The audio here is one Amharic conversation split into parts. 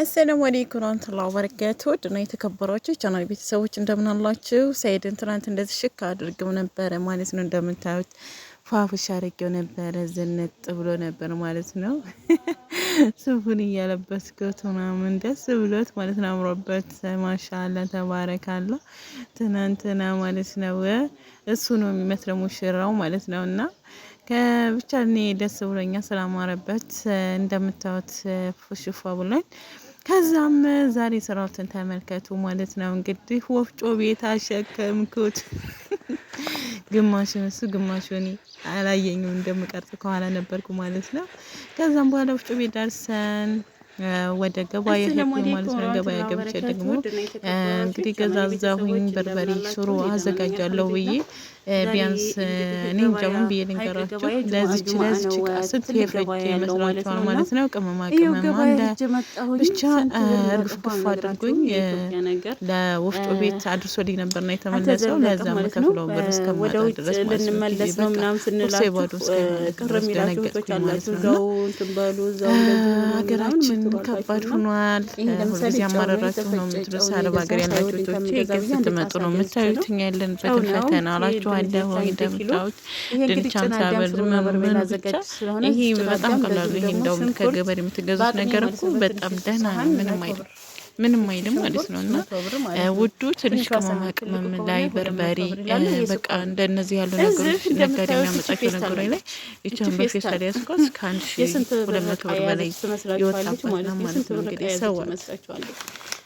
አሰላሙ አለይኩም ወራህመቱላሂ ወበረካቱ ድና የተከበራችሁ ቻናል ቤተሰቦች እንደምን አላችሁ? ሰይድን ትናንት እንደዚህ ሽክ አድርገው ነበረ ማለት ነው። እንደምታዩት ፏፉሽ አድርገው ነበረ፣ ዝንጥ ብሎ ነበር ማለት ነው። ሱፉን እያለበስኩት ምናምን ደስ ብሎት ማለት ነው፣ አምሮበት ማሻአላ ተባረካላ። ትናንትና ማለት ነው እሱ ነው የሚመስለው ሙሽራው ማለት ነውና ከብቻ እኔ ደስ ብሎኛ ስላማረበት እንደምታዩት ፉሽፏ ብሏል። ከዛም ዛሬ ስራውትን ተመልከቱ ማለት ነው። እንግዲህ ወፍጮ ቤት አሸከምኩት። ግማሹን እሱ ግማሹን አላየኝም እንደምቀርጽ ከኋላ ነበርኩ ማለት ነው። ከዛም በኋላ ወፍጮ ቤት ደርሰን ወደ ገበያ የሄድኩ ማለት ነው። ገበያ ገብቼ ደግሞ እንግዲህ ገዛዛሁኝ በርበሬ ሽሮ አዘጋጃለሁ ብዬ ቢያንስ እኔ እንጃውን ብዬ ልንገራቸው ለዚች ለዚች ቃ ስንት የፈጀ ይመስላችኋል ማለት ነው። ቅመማ ቅመማ እንደ ብቻ እርግፍ ግፍ አድርጎኝ ለወፍጮ ቤት አድርሶ አድርሶልኝ ነበር ነው የተመለሰው። ለዛ መከፍለው ብር እስከማጣ ድረስ ማለት ነው። ምናምን ስንላችሁ ቅር የሚላችሁ ቶች አላችሁ ዛው እንትን በሉ ዛው ሀገራችን ከባድ ሆኗል። ሁልጊዜ አማረራችሁ ነው የምትሉት። አረብ ሀገር ያላችሁ ቶቼ ግን ስትመጡ ነው የምታዩት። እኛ ያለንበትን ፈተና አላችኋለሁ። እንደምታዩት ድንች አምሳ ብር ምናምን ብቻ። ይሄ በጣም ቀላሉ። ይሄ እንደውም ከገበሬ የምትገዙት ነገር እኮ በጣም ደህና ነው፣ ምንም አይደለም። ምንም አይልም ማለት ነው። እና ውዱ ትንሽ ቅመማ ቅመም ላይ በርበሬ፣ በቃ እንደነዚህ ያሉ ነገሮች ነጋዴ የሚያመጣቸው ነገሮች ላይ ይቻን በፌስታል ያስኳስ ከአንድ ሺ ሁለት መቶ ብር በላይ የወጣበት ነው ማለት ነው። እንግዲህ ሰዋት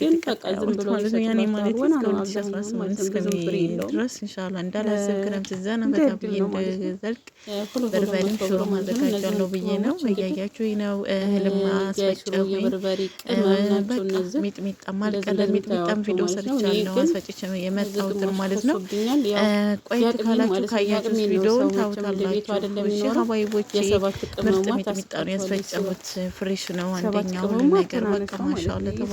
ግን በቃ ዝም ብሎ ያኔ ማለት እንዳላሰብ ክረምት ብዬ እንደዘልቅ በርበሬም ሽሮ ማዘጋጃለሁ ብዬ ነው። እያያችሁ ነው። አስፈጨሁኝ። ሚጥሚጣም ሚጥሚጣም ቪዲዮ ሰርቻለሁ። አስፈጭቼ የመጣሁትን ማለት ነው። ቆየት ካላችሁ ካያችሁ ቪዲዮውን ታውታላችሁ። ሀባይቦቼ ምርጥ ሚጥሚጣ ነው ያስፈጨሁት። ፍሬሽ ነው አንደኛውን ነገር በቃ ማሻአላ ተባ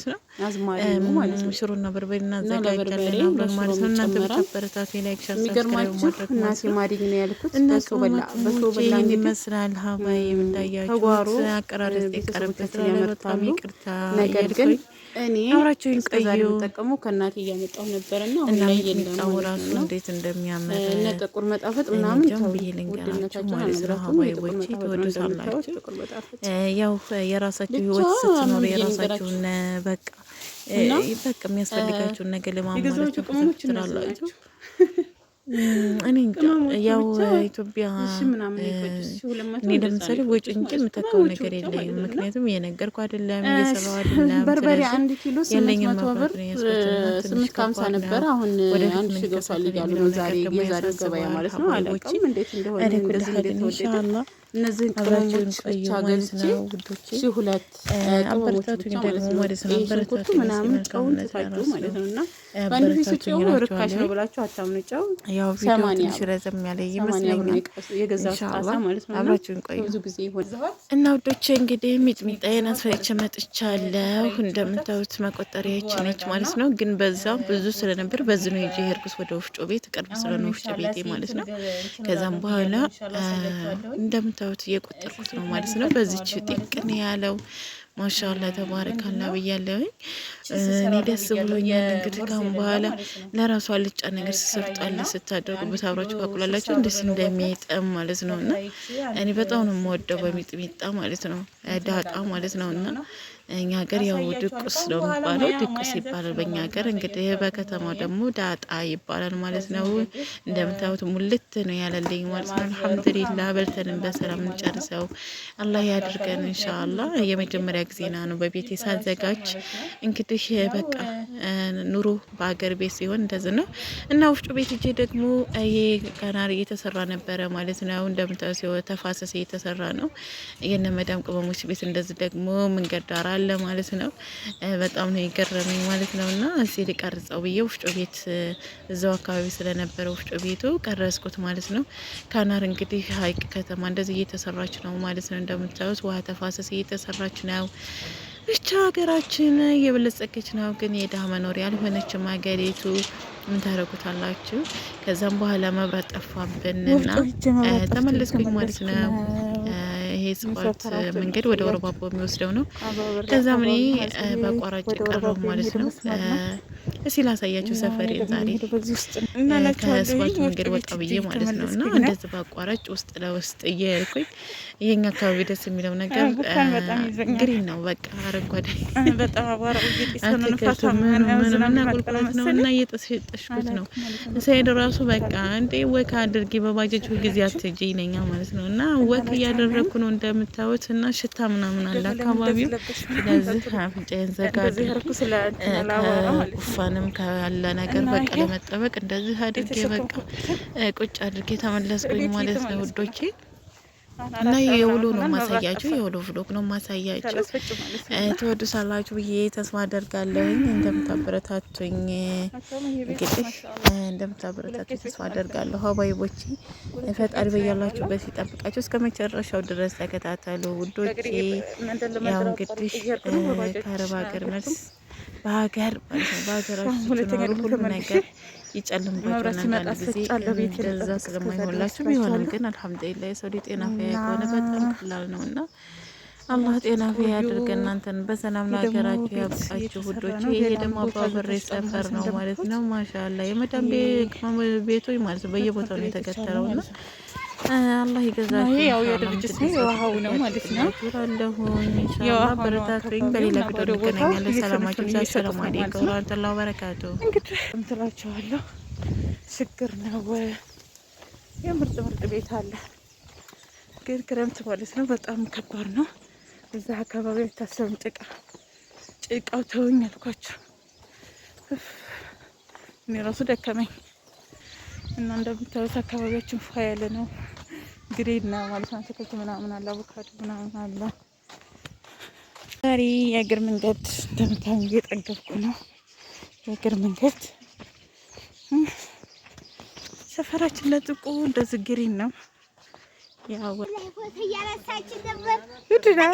ማለት ነው። ሽሮና በርበሬ እናዘጋጃለን ማለት ነው። እናንተ ብታበረታት ላይክ፣ ሸር፣ ሰብስክራይብ ማድረግ ማለት ነው። እና ቅመሞቼን ይመስላል ሀባይ የምንዳያችሁ አቀራረጽ የቀረበት በጣም ይቅርታ እያልኩኝ እኔ አብራችሁኝ ቆዩ። ጠቀሙ ከእናቴ እያመጣሁ ነበር እና እና ሚጥሚጣው ራሱ እንዴት እንደሚያምር እነ ጥቁር መጣፈጥ ምናምን ብዬ ልንገራችሁ ማለት ነው። ሀዋይ ቦቼ ትወዱታላችሁ። ያው የራሳችሁ ህይወት ስትኖሩ የራሳችሁን በቃ በቃ የሚያስፈልጋቸውን ነገር ለማሟላት ያው ኢትዮጵያ እኔ ለምሳሌ ወጪ እንጂ የምተካው ነገር የለኝም። ምክንያቱም እየነገርኩ አይደለም እየሰራሁ አይደለም። በርበሬ አንድ ኪሎ ስምንት መቶ ብር ስምንት ከሀምሳ ነበር። አሁን አንድ ሺ ገብቷል እያሉ ነው ዛሬ የዛሬው ገበያ ማለት ነው። አላውቅም እንዴት እንደሆነ እንደዚህ እንደተወደደ እነዚህን ቅመሞች ሁለት ማለት ነው። ምናምን ጨውን ማለት ነው። እና ርካሽ ነው ብላችሁ አታምኑ። ጨው ብዙ ጊዜ እና ውዶቼ እንግዲህ ሚጥሚጣዬን አስፈጭቼ መጥቻለሁ። እንደምታዩት መቆጠሪያ ነች ማለት ነው። ግን በዛ ብዙ ስለነበር በዚ ነው ይዤ ሄድኩት ወደ ወፍጮ ቤት፣ ቅርብ ስለሆነ ወፍጮ ቤቴ ማለት ነው። ከዛም በኋላ እንደምታ እንደምታዩት እየቆጠርኩት ነው ማለት ነው። በዚች ጥቅን ያለው ማሻላ ተባረካላ ብያለሁኝ። እኔ ደስ ብሎኛል። እንግዲህ ካሁን በኋላ ለራሷ አልጫ ነገር ስሰርጣል ስታደርጉ አብራችሁ ካቁላላችሁ እንደስ እንደሚጠም ማለት ነው እና እኔ በጣም ነው የምወደው በሚጥሚጣ ማለት ነው ዳጣ ማለት ነው እና እኛ ሀገር ያው ድቁስ ነው የሚባለው፣ ድቁስ ይባላል በእኛ ሀገር። እንግዲህ በከተማው ደግሞ ዳጣ ይባላል ማለት ነው። እንደምታዩት ሙልት ነው ያለልኝ ማለት ነው። አልሐምዱሊላ በልተንም በሰላም እንጨርሰው አላህ ያድርገን እንሻላ የመጀመሪያ የሚያረግ ዜና ነው። በቤት ሳዘጋጅ እንግዲህ በቃ ኑሮ በሀገር ቤት ሲሆን እንደዚህ ነው እና ወፍጮ ቤት እጄ ደግሞ የካናሪ እየተሰራ ነበረ ማለት ነው። እንደምታየው ተፋሰስ እየተሰራ ነው። የነ መዳም ቅመሞች ቤት እንደዚህ ደግሞ መንገድ ዳር አለ ማለት ነው። በጣም ነው የገረመኝ ማለት ነው። እና እዚህ ሊቀርጸው ብዬ ወፍጮ ቤት እዛው አካባቢ ስለነበረ ወፍጮ ቤቱ ቀረስኩት ማለት ነው። ካናር እንግዲህ ሀይቅ ከተማ እንደዚህ እየተሰራች ነው ማለት ነው። እንደምታዩት ውሃ ተፋሰስ እየተሰራች ነው። ብቻ ሀገራችን እየበለጸገች ነው፣ ግን የድሀ መኖሪያ አልሆነችም ሀገሪቱ ምን ታደርጉታላችሁ? ከዛም በኋላ መብራት ጠፋብንና ተመለስኩኝ ማለት ነው። ይሄ ስፋት መንገድ ወደ ወረባቦ የሚወስደው ነው። ከዛ ምን በቋራጭ ቀረው ማለት ነው። እሲ ላሳያችሁ ሰፈሬ ዛሬ ከስፋት መንገድ ወጣ ብዬ ማለት ነው። እና እንደዚ በቋራጭ ውስጥ ለውስጥ እየሄድኩኝ የኛ አካባቢ ደስ የሚለው ነገር ግሪን ነው። በቃ አረንጓዴ አትክልት ምኑ ምኑና ቁልቁለት ነው እና እየጠሽኩት ነው ሰሄድ ራሱ በቃ እንዴ ወክ አድርጌ በባጃጅ ሁልጊዜ አትጂ ይነኛ ማለት ነው እና ወክ እያደረግኩ ነው እንደምታዩት እና ሽታ ምናምን አለ አካባቢው። ስለዚህ አፍንጫዬን ዘጋ ከጉፋንም ካለ ነገር በቃ ለመጠበቅ እንደዚህ አድርጌ በቃ ቁጭ አድርጌ ተመለስኩኝ ማለት ነው ውዶቼ። እና የውሎ ነው ማሳያቸው፣ የውሎ ፍሎክ ነው ማሳያቸው። ትወዱሳላችሁ ብዬ ተስፋ አደርጋለሁኝ። እንደምታበረታቱኝ እንግዲህ እንደምታበረታቱኝ ተስፋ አደርጋለሁ። ሀባይቦች ፈጣሪ በያላችሁበት ሲጠብቃቸው እስከ መጨረሻው ድረስ ተከታተሉ ውዶቼ። ያው እንግዲህ ከአረብ ሀገር መልስ በሀገር በሀገራችሁ ትኖሩ ሁሉ ነገር ይጨልምበት ዛ ስለማይሆንላችሁ ግን አልሐምዱሊላ የሰው ጤና ፈያ ከሆነ በጣም ቀላል ነው እና አላህ ጤና ፊ ያድርገ እናንተን በሰላም ለሀገራችሁ ያብቃችሁ ውዶች። ይሄ ደግሞ አባበሬ ሰፈር ነው ማለት ነው። ማሻላ የመዳም ቤቶች ማለት ነው በየቦታው ነው የተከተለው ና አላህ ይገዛችሁ። ያው የድርጅት ነው የውሃው ነው ማለት ነው። በረታቱኝ። በሌላ ቪዲዮ እንገናኛለን። ሰላማችሁ ሰላም እንግዲህ ችግር ነው። የምርጥ ምርጥ ቤት አለ፣ ግን ክረምት ማለት ነው በጣም ከባድ ነው። እዛ አካባቢ አይታሰብም። ጭቃ ጭቃው እኔ ራሱ ደከመኝ እና እንደምታዩት አካባቢያችን ያለ ነው። ግሬድ ነው ማለት ነው። አትክልት ምናምን አለ፣ አቮካዶ ምናምን አለ። ዛሬ የእግር መንገድ እንደምታዩ እየጠገብኩ ነው። የእግር መንገድ ሰፈራችን ለጥቁ እንደዚህ ግሪን ነው ያው